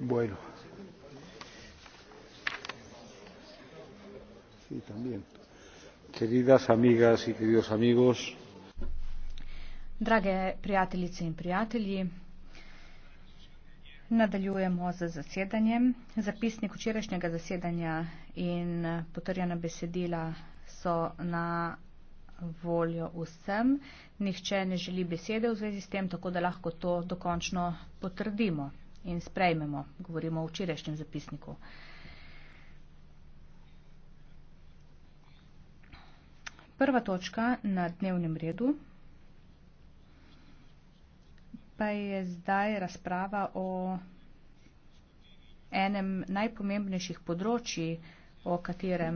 Bueno. Sí, también. Queridas amigas y queridos amigos. Drage prijateljice in prijatelji, nadaljujemo z zasedanjem. Zapisnik včerajšnjega zasedanja in potrjena besedila so na voljo vsem. Nihče ne želi besede v zvezi s tem, tako da lahko to dokončno potrdimo in sprejmemo, govorimo o včerajšnjem zapisniku. Prva točka na dnevnem redu pa je zdaj razprava o enem najpomembnejših področji, o katerem